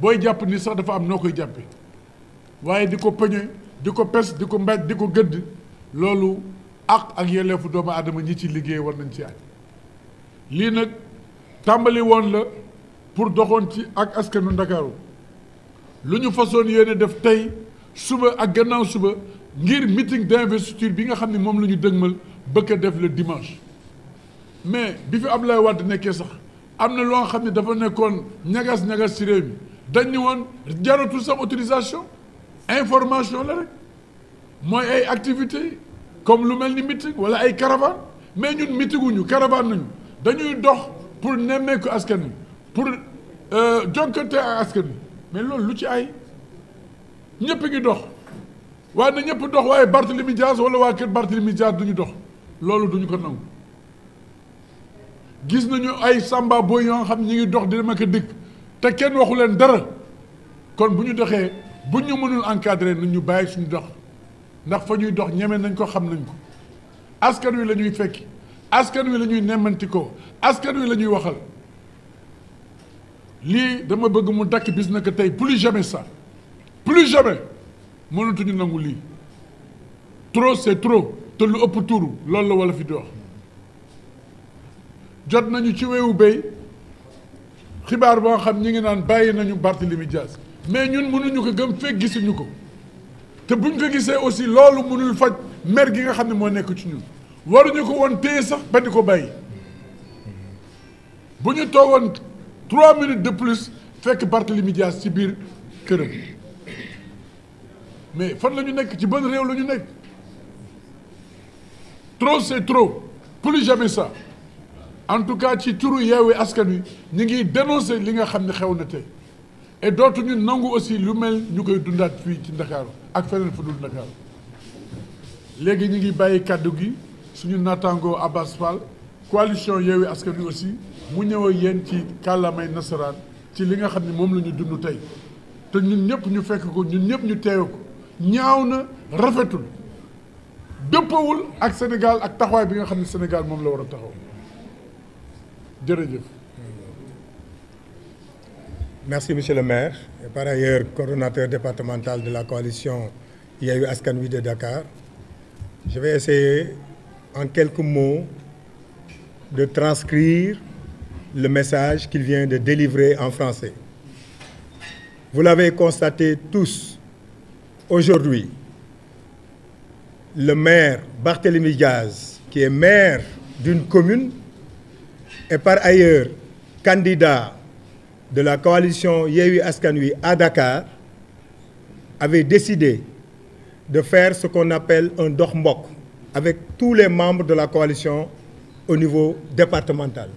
booy jàpp ni sax dafa am noo koy jàppe waaye di ko pëñe di ko pes di ko mbaj di ko gëdd loolu àq ak yelleefu doomu aadama ñi ci liggéey war nañ ci aj lii nag tàmbali woon la pour doxoon ci ak askanu Ndakaaru lu ñu façon yéene def tey suba ak gannaaw suba ngir meeting d'investiture bi nga xam ne moom la ñu dëgmal bëgg def le dimanche mais bi fi Abdoulaye Wade nekkee sax am na loo xam ne dafa nekkoon ñagas-ñagas ci réew mi dañ ñu woon jaratul sax autorisation information la rek mooy ay activité comme lu mel ni meeting wala ay caravane mais ñun meetinguñu caravane nañu dañuy dox pour nemmeeku askan wi pour euh, jonkante ak askan wi mais loolu lu ci ay ñëpp ngi dox waaye na ñëpp dox waaye Barthélemy Dias wala waa kër Barthélemy Dias du ñu dox loolu duñu ko nangu gis nañu ay samba boy xam ñi ngi dox di dem ak dëkk te kenn waxu leen dara kon bu ñu doxee bu ñu mënul encadrer nañ ñu bàyyi suñu dox ndax fa ñuy dox ñeme nañ ko xam nañ ko askan wi la ñuy fekki askan wi lañuy ñuy nemmantikoo askan wi la ñuy waxal lii dama bëgg mu dakk bis na ko tey plus jamais ça plus jamais mënatuñu nangu lii trop c'est trop te lu ëpp tuuru loolu la wala fi di wax jot nañu ci wewu béy xibaar boo xam ñi ngi naan bàyyi nañu Barthélemy Dias mais ñun ñu ko gëm fekk gisuñu ko te buñ ko gisee aussi loolu mënul faj mer gi nga xam ne moo nekk ci ñun waruñu ko woon téye sax ba di ko bàyyi bu ñu toogoon trois minutes de plus fekk Barthélemy Dias ci biir këram mais fan la ñu nekk ci ban réew la ñu nekk trop c'est trop plus jamais ça en tout cas ci turu yeewi askan wi ñu ngi dénoncer li nga xam ne xew na tey et dootuñu nangu aussi lu mel ñu koy dundaat fii ci Ndakaaru ak feneen fu dul Ndakaaru léegi ñu ngi bàyyi kàddu gi suñu naataangoo Abbas Fall coalition yeewi askan wi aussi mu ñëw yéen ci kàllaamay nasaraan ci li nga xam ni moom la ñu dund tey te ñun ñëpp ñu fekk ko ñun ñëpp ñu teew ko ñaaw na rafetul dëppawul ak Sénégal ak taxawaay bi nga xam ne Sénégal moom la war a taxaw jërëjëf. merci monsieur le maire et par ailleurs coordonnateur départemental de la coalition Yewwi Askan Wi de Dakar je vais essayer en quelques mots de transcrire le message qu'il vient de délivrer en français. Vous l'avez constaté tous, aujourd'hui, le maire Barthélémy Diaz, qui est maire d'une commune est par ailleurs candidat de la coalition Yewwi Askan Wi à Dakar avait décidé de faire ce qu'on appelle un dox mbok avec tous les membres de la coalition au niveau départemental.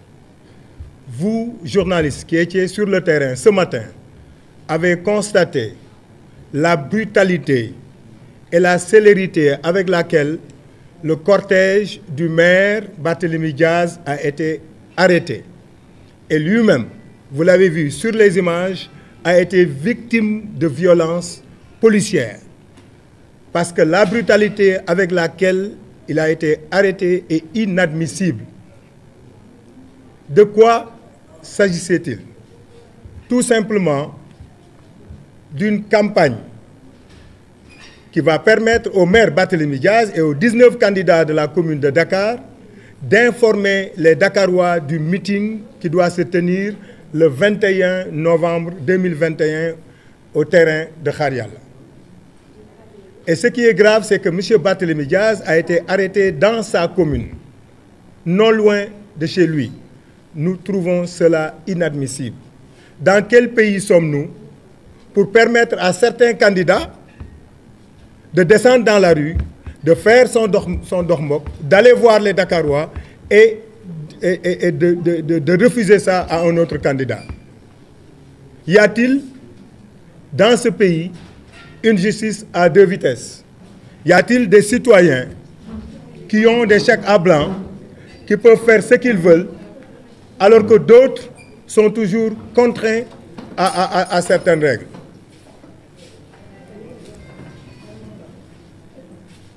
Vous, journalistes qui étiez sur le terrain ce matin, avez constaté la brutalité et la célérité avec laquelle le cortège du maire Barthélémy Diaz a été arrêté. Et lui-même, vous l'avez vu sur les images, a été victime de violences policières. Parce que la brutalité avec laquelle il a été arrêté est inadmissible. De quoi s'agissait-il Tout simplement d'une campagne qui va permettre au maire Barthélémy Diaz et aux 19 candidats de la commune de Dakar d'informer les Dakarois du meeting qui doit se tenir le 21 novembre 2021 au terrain de Khar Yalla. Et ce qui est grave, c'est que M. Barthélémy Diaz a été arrêté dans sa commune, non loin de chez lui. Nous trouvons cela inadmissible. Dans quel pays sommes-nous pour permettre à certains candidats de descendre dans la rue de faire son dox son dox mbokk d'aller voir les Dakarois et et et, de, de de ça à un autre candidat y a-t-il dans ce pays une justice à deux vitesses y a-t-il des citoyens qui ont des chèques à blanc qui peuvent faire ce qu'ils veulent alors que d'autres sont toujours contraints à à à, à certaines règles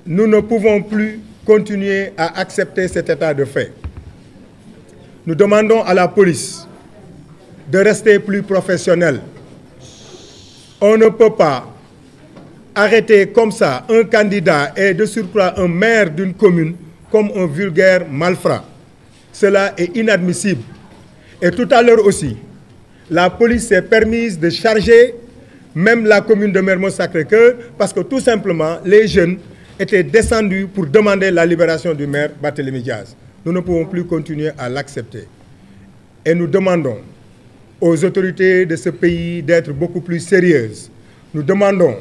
nous ne pouvons plus continuer à accepter cet état de fait. Nous demandons à la police de rester plus professionnelle. On ne peut pas arrêter comme ça un candidat et de surcroît un maire d'une commune comme un vulgaire malfrat. Cela est inadmissible. Et tout à l'heure aussi, la police s'est permise de charger même la commune de mermoz sacré que parce que tout simplement, les jeunes était descendu pour demander la libération du maire Barthélémy Diaz. Nous ne pouvons plus continuer à l'accepter. Et nous demandons aux autorités de ce pays d'être beaucoup plus sérieuses. Nous demandons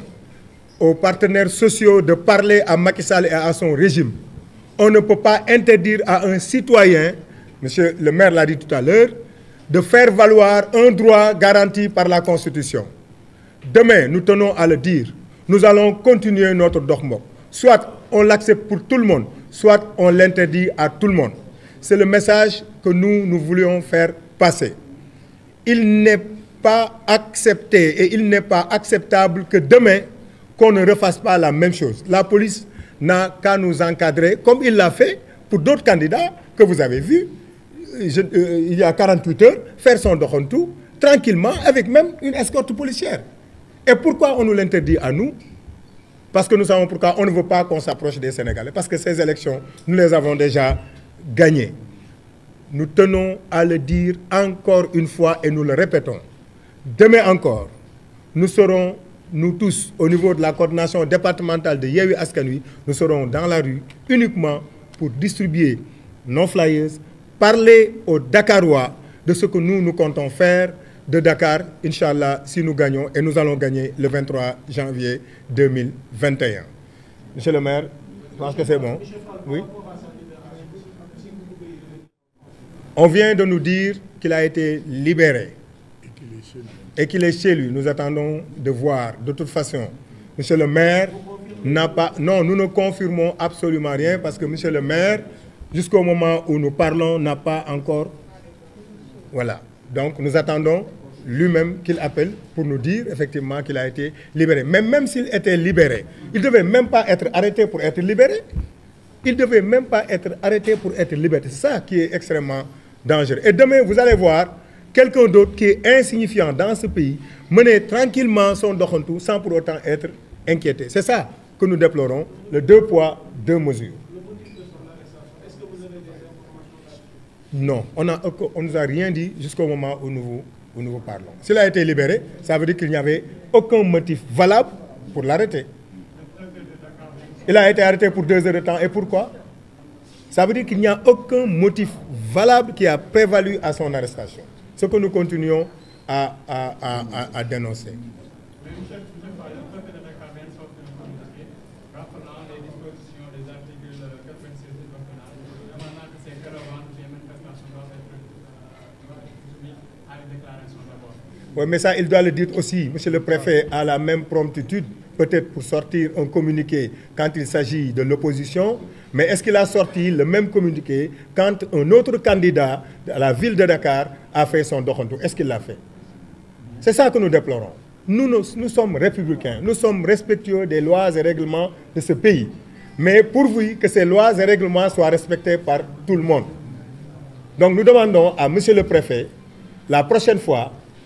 aux partenaires sociaux de parler à Macky Sall et à son régime. On ne peut pas interdire à un citoyen, monsieur le maire l'a dit tout à l'heure, de faire valoir un droit garanti par la Constitution. Demain, nous tenons à le dire, nous allons continuer notre Soit on l'accepte pour tout le monde, soit on l'interdit à tout le monde. C'est le message que nous, nous voulions faire passer. Il n'est pas accepté et il acceptable que demain, qu'on ne la même chose. La police n'a qu'à nous comme il l'a fait pour d'autres candidats que vous avez vus, je, euh, il y a 48 heures, avec même une escorte policière. Et pourquoi on nous à nous Parce que nous savons pourquoi on ne veut pas qu'on s'approche des Sénégalais. Parce que ces élections, nous les avons déjà gagnées. Nous tenons à le dire encore une fois et nous le répétons. Demain encore, nous serons, nous tous, au niveau de la coordination départementale de Yewi Askanui, nous serons dans la rue uniquement pour distribuer nos flyers, parler aux Dakarois de ce que nous, nous comptons faire de Dakar, Inch'Allah, si nous gagnons, et nous allons gagner le 23 janvier Monsieur le maire, je pense que c'est bon. Oui. On vient de nous dire qu'il a été libéré et qu'il est chez Nous attendons de voir. De toute façon, monsieur le maire n'a pas... Non, nous ne confirmons absolument rien parce que monsieur le maire, jusqu'au moment où nous parlons, n'a pas encore... Voilà. Donc nous attendons lui-même qu'il appelle pour nous dire effectivement qu'il a été libéré. Mais même s'il était libéré, il ne devait même pas être arrêté pour être libéré. Il ne devait même pas être arrêté pour être libéré. C'est ça qui est extrêmement dangereux. Et demain, vous allez voir quelqu'un d'autre qui est insignifiant dans ce pays mener tranquillement son doxantu sans pour autant être inquiété. C'est ça que nous déplorons, le deux poids, deux mesures. Non, on ne on nous a rien dit jusqu'au moment où nous vous parlons. S'il a été libéré, ça veut dire qu'il n'y avait aucun motif valable pour l'arrêter. Il a été arrêté pour deux heures de temps. Et pourquoi? Ça veut dire qu'il n'y a aucun motif valable qui a prévalu à son arrestation. Ce que nous continuons à à à à, à dénoncer. Oui, mais ça, il doit le dire aussi. Monsieur le préfet a la même promptitude, peut-être pour sortir un communiqué quand il s'agit de l'opposition. Mais est-ce qu'il a sorti le même communiqué quand un autre candidat à la ville de Dakar a fait son doxantu Est-ce qu'il l'a fait C'est ça que nous déplorons. Nous, sommes républicains, nous sommes respectueux des lois et règlements de ce pays. Mais pourvu que ces lois et règlements soient respectés par tout le monde. Donc nous demandons à Monsieur le Préfet, la prochaine fois,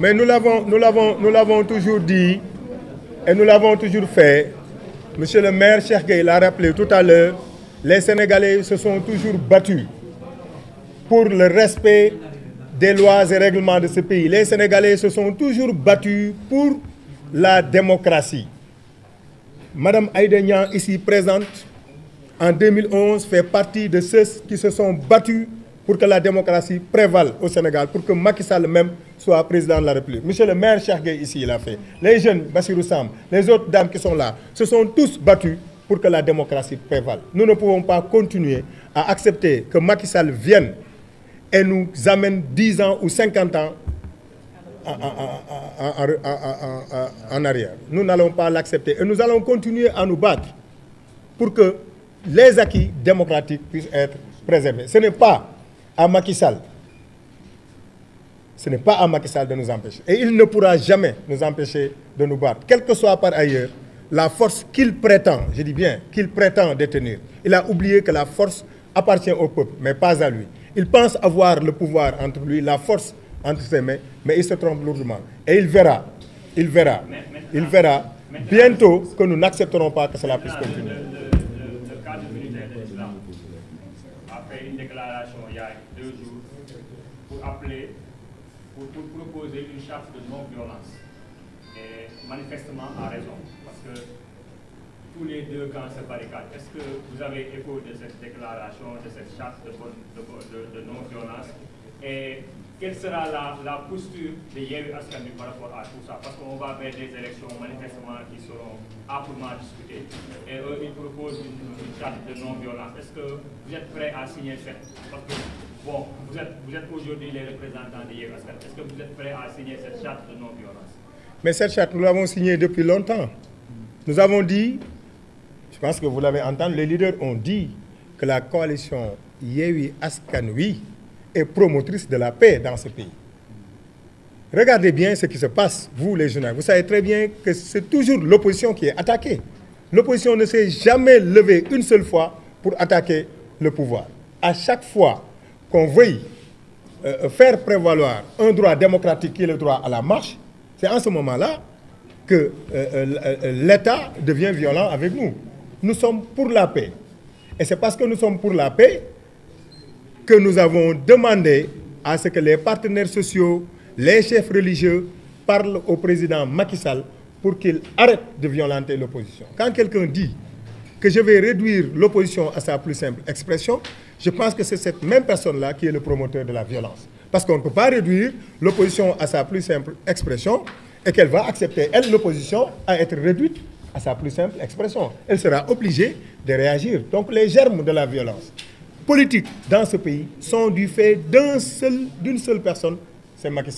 Mais nous l'avons, nous l'avons, nous l'avons toujours dit et nous l'avons toujours fait. Monsieur le maire Cheikh Gueye l'a rappelé tout à l'heure, les Sénégalais se sont toujours battus pour le respect des lois et règlements de ce pays. Les Sénégalais se sont toujours battus pour la démocratie. Madame Aïda Niang, ici présente, en 2011, fait partie de ceux qui se sont battus pour que la démocratie prévale au Sénégal, pour que Macky Sall même soit président de la République. Monsieur le maire Cheikh Gueye ici l'a fait. Les jeunes Bassirou Sam, les autres dames qui sont là, se sont tous battus pour que la démocratie prévale. Nous ne pouvons pas continuer à accepter que Macky Sall vienne et nous amène 10 ans ou 50 ans en arrière. Nous n'allons pas l'accepter et nous allons continuer à nous battre pour que les acquis démocratiques puissent être préservés. Ce n'est pas à Macky ce n'est pas à Macky Sall de nous empêcher. Et il ne pourra jamais nous empêcher de nous battre, quelle que soit par ailleurs la force qu'il prétend, je dis bien, qu'il prétend détenir. Il a oublié que la force appartient au peuple, mais pas à lui. Il pense avoir le pouvoir entre lui, la force entre ses mains, mais il se trompe lourdement. Et il verra, il verra, il verra bientôt que nous n'accepterons pas que cela puisse continuer. pour, pour proposer une charte de non-violence. manifestement à raison, parce que tous les deux camps se ce que vous avez écho de cette déclaration, de cette charte de, non-violence Et quelle sera la, la posture de Yévi Askani par rapport à tout ça Parce qu'on va vers des élections manifestement qui seront amplement discutées. Et eux, ils proposent une, une charte de non-violence. Est-ce vous êtes prêt à signer cette que Bon, vous êtes, vous êtes aujourd'hui les représentants de Yewwi Askan. Est-ce que vous êtes prêts à signer cette charte de non-violence? Mais cette charte, nous l'avons signée depuis longtemps. Nous avons dit, je pense que vous l'avez entendu, les leaders ont dit que la coalition Yewwi Askan Wi est promotrice de la paix dans ce pays. Regardez bien ce qui se passe, vous les journalistes. Vous savez très bien que c'est toujours l'opposition qui est attaquée. L'opposition ne s'est jamais levée une seule fois pour attaquer le pouvoir. À chaque fois qu'on veuille euh, euh, faire prévaloir un droit démocratique qui est le droit à la marche, c'est en ce moment-là que euh, euh, euh, l'État devient violent avec nous. Nous sommes pour la paix. Et c'est parce que nous sommes pour la paix que nous avons demandé à ce que les partenaires sociaux, les chefs religieux parlent au président Macky Sall pour qu'il arrête de violenter l'opposition. Quand quelqu'un dit que je vais réduire l'opposition à sa plus simple expression, je pense que c'est cette même personne-là qui est le promoteur de la violence. Parce qu'on ne peut pas réduire l'opposition à sa plus simple expression et qu'elle va accepter, elle, l'opposition, à être réduite à sa plus simple expression. Elle sera obligée de réagir. Donc les germes de la violence politique dans ce pays sont du fait d'un d'une seule personne, c'est Macky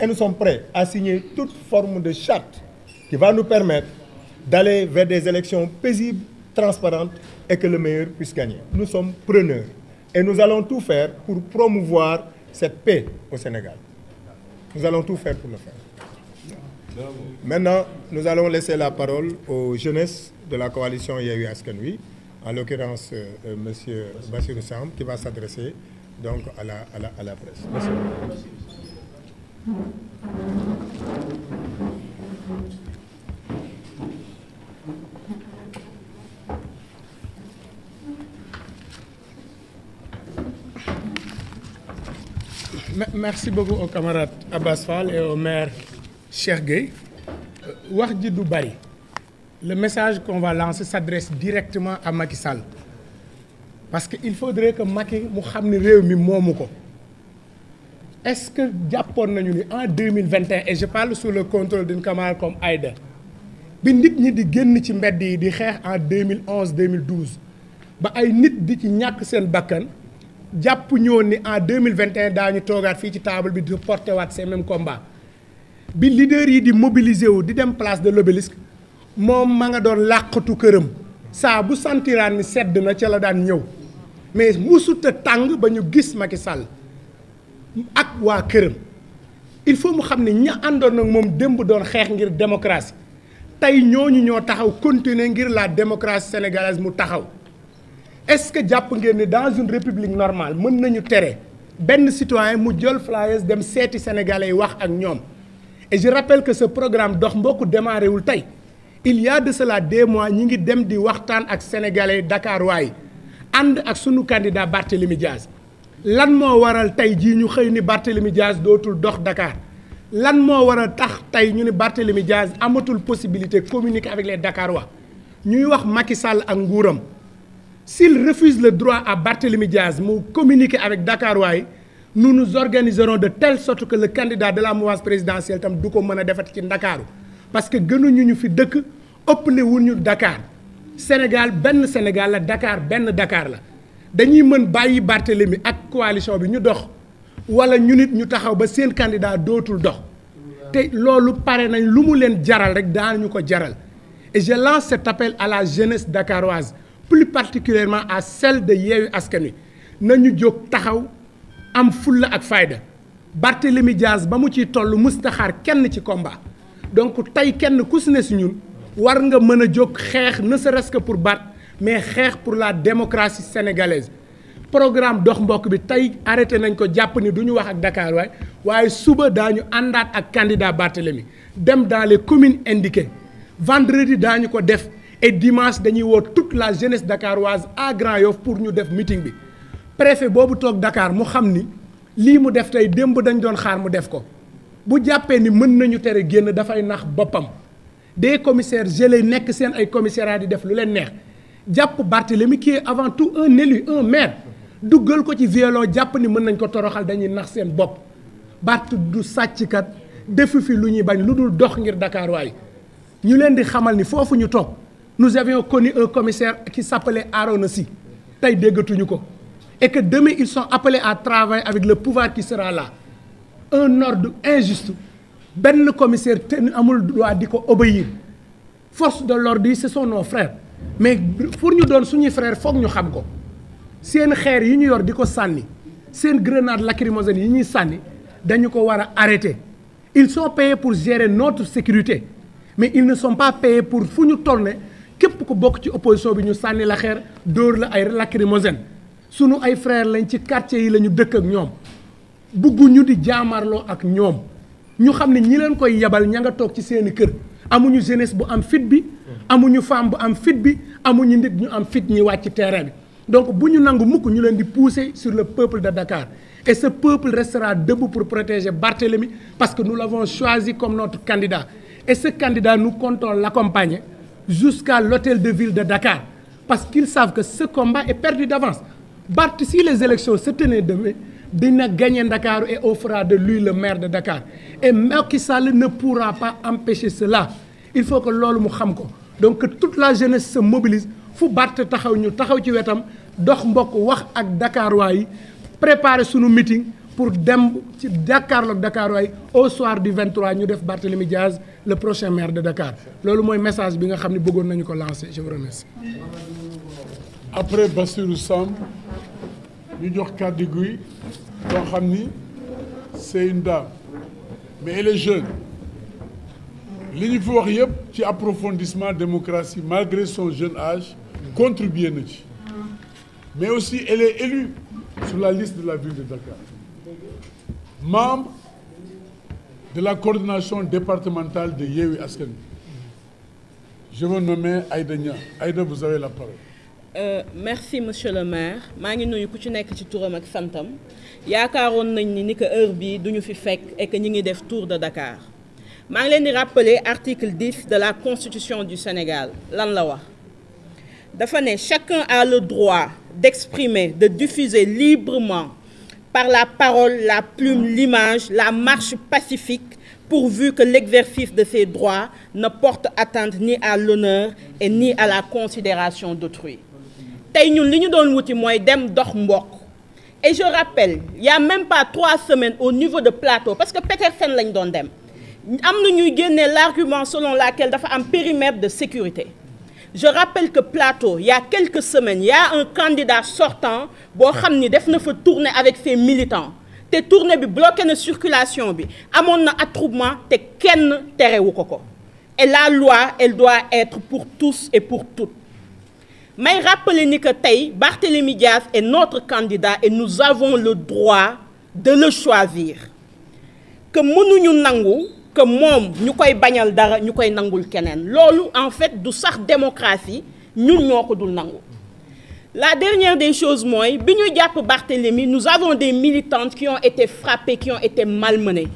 Et nous sommes prêts à signer toute forme de charte qui va nous permettre des élections paisibles transparente et que le meilleur puisse gagner. Nous sommes preneurs et nous allons tout faire pour promouvoir cette paix au Sénégal. Nous allons tout faire pour le faire. Maintenant, nous allons laisser la parole aux jeunesses de la coalition Yewwi Askan Wi, en l'occurrence euh, euh monsieur Bassirou Samb qui va s'adresser donc à la à la à la presse. Merci. merci beaucoup aux camarades Abbas Fall et au maire Cheikh wax ji du bari le message convalence va directement à Macky Sall parce que il faudrait que Macky mu xam ni réew mi moomu ko est-ce que jàppoon nañu ni en deux mille vingt et un et je parle sous le contrôle d'une comme Aïda bi nit ñi di génn ci mbedd yi di xeex en deux mille onze deux mille douze ba ay nit di ci ñàkk seen bakkan. jàpp ñoo ni en deux mille vingt et un daañu toogaat fii ci taabal bi di porté waat ces mêmes combats bi leader yi di mobiliser wu di dem place de l'obélisque moom ma nga doon làqatu këram saa bu santiraan ni sedd na ca la daan ñëw mais musuta tàng ba ñu gis Macky Sall ak waa këram il faut mu xam ne ña àndoon ak moom démb doon xeex ngir démocratie tey ñooñu ñoo taxaw continuer ngir laa démocratie sénégalaise mu taxaw est-ce que jàpp ngeen ni dans une république normale mën nañu tere benn citoyen mu jël flyers dem seeti sénégalais yi wax ak ñoom et je rappelle que ce programme dox mbokku démarré wul tey il y a de mois ñi ngi dem di waxtaan ak sénégalais Dakar waay ànd ak sunu candidat Barthélémy Diaz lan moo waral tey jii ñu xëy ni Barthélémy Diaz dootul dox Dakar lan moo war a tax tey ñu ne Barthélémy Diaz amatul possibilité communique avec les wa ñuy wax Macky Sall ak nguuram. s'il refuse le droit à Barthélémy Diaz mu communiquer avec Dakarois yi nu nous de telle sorte que le candidat de la mouvance présidentielle tam du ko mën a defati ci Ndakaaru parce que gënuñu ñu fi dëkk ëpp ëppale ñu Dakar Sénégal benn Sénégal la Dakar benn dakaar la dañuy mën bàyyi Barthélémy ak coalition bi ñu dox wala ñu nit ñu taxaw ba seen candidat dootul dox te loolu pare nañ lu mu leen jaral rek daan ñu ko jaral et je lance cet appel à la jeunesse dakaroise plus particulièrement à celle de Yewwi Askan Wi nañu jóg taxaw am fulla ak fayda Barthélemy Dias ba mu ci toll mustaxaar kenn ci komba donc tey kenn ku si ne si ñun war nga mën a jóg xeex ne serait-ce pour Barth mais xeex pour la démocratie sénégalaise programme dox mbokk bi tey arrêté nañ ko jàpp ni du ñu wax ak Dakar waaye suba daañu àndaat ak candidat Barthélemy dem dans les communes indiquées vendredi daañu ko def et dimanche dañuy woo toute la jeunesse dakaroise à Grand Yoff pour ñu def meeting bi préfet boobu toog Dakar mu xam ni lii mu def tey démb dañ doon xaar mu def ko bu jàppee ni mën nañu tere génn dafay nax boppam des commissaires gelé nekk seen ay commissariat di def lu leen neex jàpp Barthélemy qui est avant tout un élu un maire duggal ko ci violon jàpp ni mën nañ ko toroxal dañuy nax seen bopp Barth du sàcckat defu fi lu ñuy bañ lu dul dox ngir Dakar ñu leen di xamal ni foofu ñu toog nous avions connu un commissaire qui s'appelait Arona Sy tey déggatuñu ko et que demain ils sont appeles à travailler avec le pouvoir qui sera là un ordre injuste benn commissaire te amul droit di ko obéir force de l'ordre yi ce sont nos mais pour ñu doon suñuy frère foog ñu xam ko seen xeer yi ñu yor di ko sànni seen grenade lacrymogène yi ñuy sànni dañu ko war a arrêter ils sont payés pour gérer notre sécurité mais ils ne sont pas payés pour fu ñu toll képp ko bokk ci opposition bi ñu sànni la xeer dóor la ay lacrymogène sunu ay frère lañ ci quartier yi la ñu dëkk ak ñoom ñu di jaamarloo ak ñoom ñu xam ne ñi leen koy yebal ña nga toog ci seeni kër amuñu jeunesse bu am fit bi amuñu femme bu am fit bi ñu nit ñu am fit ñi wàcc terrain bi donc bu ñu nangu mukk ñu leen di pousser sur le peuple de Dakar et ce peuple restera debout pour protéger Barthélemy parce que nous l'avons choisi comme notre candidat et ce candidat jusqu'à l'hôtel de ville de Dakar parce qu'ils savent que ce combat est perdu d'avance Barth si les élections se tenaient demain dina gagner Dakar et on fera de lui le maire de Dakar et Macky Sall ne pourra pas empêcher cela il faut que loolu mu xam ko donc toute la jeunesse se mobilise fu Barth taxaw ñu taxaw ci wetam dox mbokk wax ak Dakar waa yi sunu meeting pour dem ci jàkkaarloog Dakar waay au soir du 23 ñu def Barthélémy Diaz le prochain maire de Dakar loolu mooy message bi nga xam ne bëggoon nañu ko lancer je vous remercie. après Bassirou Samb ñu jox kàddu gi loo xam ni c'est une dame mais elle est jeune li ñu fi wax yëpp ci approfondissement démocratie malgré son jeune âge contribué na ci mais aussi elle est élue sur la liste de la ville de Dakar. membre la coordination départementale de Yewwi Askan Wi je veux nommer Aïda Nia Aïda vous avez la parole. Euh, merci monsieur le maire maa ngi nuyu ku ci nekk ci turam ak santam yaakaaroon nañ ni ni que heure bii duñu fi fekk et que ñi ngi def tour de Dakar maa ngi leen di rappeler article 10 de la constitution du Sénégal lan la wax dafa ne chacun a le droit d'exprimer de diffuser librement par la parole, la plume, l'image, la marche pacifique, pourvu que l'exercice de ces droits ne porte atteinte ni à l'honneur et ni à la considération d'autrui. tey ñun li ñu doon wuti mooy dem dox mbokk et je rappelle il y a même pas trois semaines au niveau de plateau parce que Petersen lañ doon dem am na ñuy génnee l'argument selon laquelle dafa am périmètre de sécurité je rappelle que Plateau il y semaine quelques a un candidat sortant boo xam ni def na fa tournée avec ses militants te tournée bi bloqué na circulation bi amoon na attroupement te kenn terewu ko ko et la loi elle doit être pour tous et pour toutes may rappeler ni que tey Barthélémy Diaz et notre candidat et nous avons le droit de le choisir que mënuñu nangu que moom ñu koy bañal dara ñu koy nangul keneen loolu en fait du sax démocratie ñun ñoo ko dul nangu la dernière des choses mooy bi ñu jàpp Barthélemy nous avons des militantes qui ont été frappées qui ont été malmenées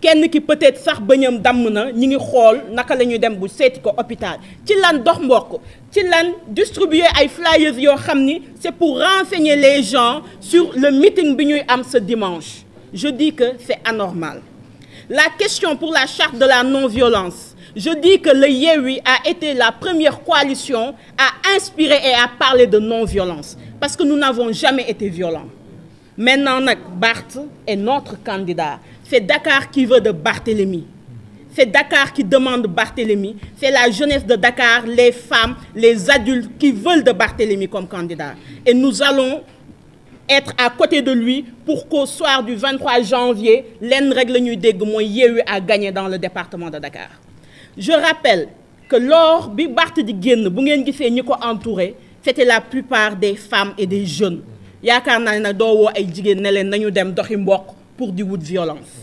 kenn ki peut-être sax bëñam damm na ñi ngi xool naka la ñuy dem bu seeti ko hôpital ci lan dox mbokk ci lan distribuer ay flyers yoo xam ni c'est pour renseigner les gens sur le meeting bi ñuy am sa dimanche je dis que c'est anormal La question pour la charte de la non-violence. Je dis que le Yewi a été la première coalition à inspirer et à parler de non-violence. Parce que nous n'avons jamais été violents. Maintenant, Barthes est notre candidat. C'est Dakar qui veut de Barthélemy. C'est Dakar qui demande Barthélemy. C'est la jeunesse de Dakar, les femmes, les adultes qui veulent de Barthélemy comme candidat. Et nous allons être à côté de lui pour qu'au soir du 23 janvier lenn rek la ñuy dégg mooy Yewwi a gagné dans le département de Dakar je rappelle que lors bi Barth di génn bu ngeen gisee ñi ko entouré c'était la plupart des femmes et des jeunes yaakaar naa ne nag doo ay jigéen ne leen nañu dem doxi mbokk pour di wut violence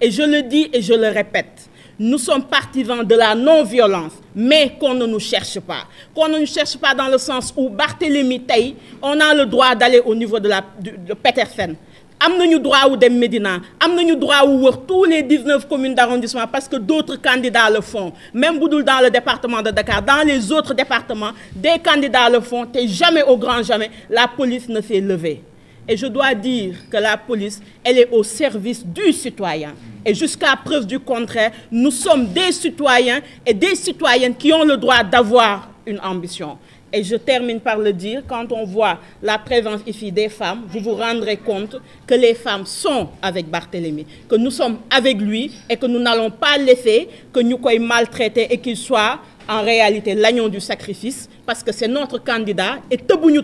et je le dis et je le répète Nous sommes partisans de la non-violence, mais qu'on ne nous cherche pas. Qu'on ne nous cherche pas dans le sens où Barthélémy Tay, on a le droit d'aller au niveau de, la, de, Petersen. am nañu droit wu dem Médina am nañu droit wu wër tous les 19 communes d'arrondissement parce que d'autres candidats le font même bu dul dans le département de Dakar dans les autres départements des candidats le font te jamais au grand jamais la police ne s'est levée et je dois dire la police elle au service du citoyen Et jusqu'à preuve du contraire, nous sommes des citoyens et des citoyennes qui ont le droit d'avoir une ambition. Et je termine par le dire, quand on voit la présence ici des femmes, vous vous rendrez compte que les femmes sont avec Barthélemy, que nous sommes avec lui et que nous n'allons pas laisser que nous soyons maltraités et qu'il soit en réalité l'agneau du sacrifice, parce que c'est notre candidat et tout nous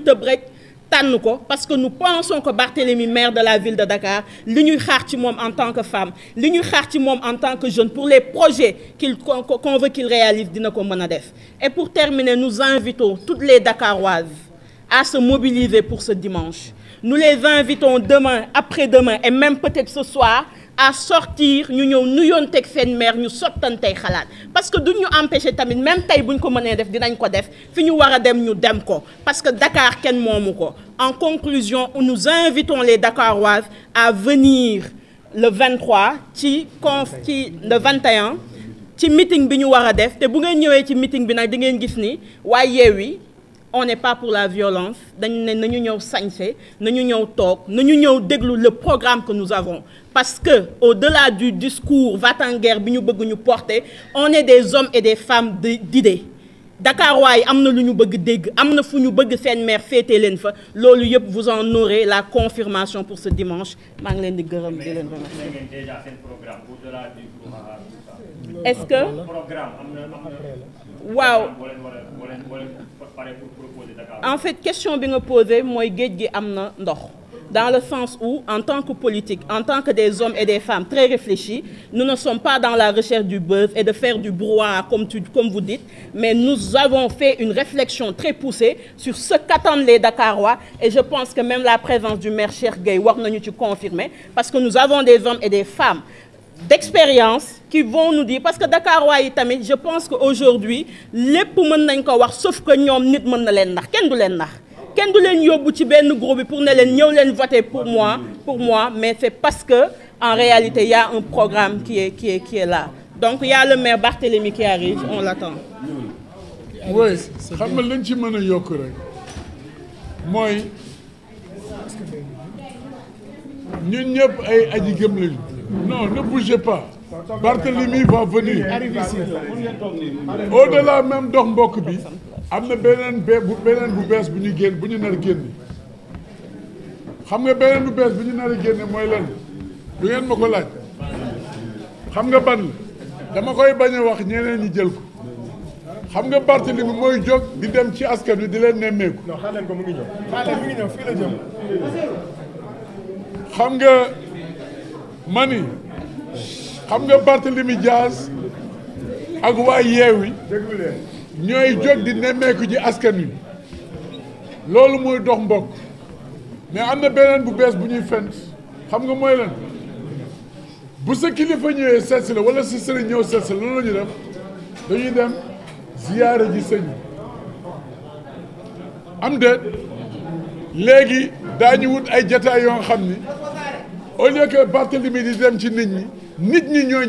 tànn ko parce que nous pensons que Barthélémy maire de la ville de Dakar li ñuy xaar ci en tant que femme li ñuy xaar ci moom en tant que jeune pour les projets qu'il qu'on veut qu'il réalise dina ko mën a def et pour terminer nous invitons toutes les Dakaroises à se mobiliser pour ce dimanche nous les invitons demain après-demain et même peut-être ce soir à sortir ñu ñëw teg seen maire ñu sottantey xalaat parce que duñ ñu empêché tamit même tey buñ ko mënee def dinañ ko def fi ñu war a dem ñu dem ko parce que Dakar kenn moomu ko en conclusion nous invitons les Dakaroises à venir le 23 ci conf ci le ci meeting bi ñu war a def te bu ngeen ñëwee ci meeting bi nag di ngeen gis ni waaye Yewwi on n'est pas pour la violence dañu ne ñu ñëw na ñu ñëw toog na ñu ñëw déglu le programme que nous avons parce que au-delà du discours va t bi ñu bëgg ñu porter on est des hommes et des femmes d'idées Dakar waay am na lu ñu bëgg dégg am na fu ñu bëgg seen maire féete leen fa loolu yëpp vous en aurez la confirmation pour ce dimanche maa ngi leen di gërëm di leen remercier. est-ce que. waaw en fait question bi nga posé mooy géej gi am na ndox dans le sens où en tant que politique en tant que des hommes et des femmes très réfléchis nous ne sommes pas dans la recherche du buzz et de faire du brouhaha comme tu comme vous dites mais nous avons fait une réflexion très poussée sur ce qu'attendent les Dakarois et je pense que même la présence du maire Cheikh Gueye war nañu ci confirmer parce que nous avons des hommes et des femmes d'expérience qui vont nous dire parce que Dakarois yi tamit je pense que aujourd'hui lépp mën nañ ko wax sauf que ñoom nit mën na leen nax kenn du leen nax kenn du leen yóbbu ci benn groupe bi pour ne leen ñëw leen voter pour moi pour moi mais c'est parce que en réalité il y a un programme qui est qui est qui est là donc il y a le maire Barthélémy qui arrive on l'attend oui xam nga lañ ci mën a yokk rek mooy ñun ñëpp ay aji gëm lañu non ne bougez pas Barthélemy va venir au-delà même dox mbokk bi am na beneen bu beneen bu bees bu ñu génn bu ñu nar a génn xam nga beneen bu bees bu ñu nar a génne mooy lan du ngeen ma ko laaj xam nga ban la dama koy bañ a wax ñeneen ñi jël ko xam nga Barthélemy mooy jóg di dem ci askan wi di leen nemmeeku. non ko mu ngi ñëw. xaar leen mu fii la xam nga. ma xam nga Barthélemy jaas ak waa Yewwi ñooy jóg di nemmeeku ji askan wi loolu mooy dox mbokk mais am na beneen bu bees bu ñuy fent xam nga mooy lan bu sa kilifa ñëwee seetsi la wala si sëriñ ñëw seetsi la loolu la ñuy def dañuy dem ziyaare ji sëñ am de léegi daañu wut ay jataay yoo xam ni au lieu que Barthélemy di dem ci nit ñi nit ñi ñooy